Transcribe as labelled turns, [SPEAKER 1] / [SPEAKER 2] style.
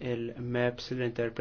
[SPEAKER 1] il-maps l-interpret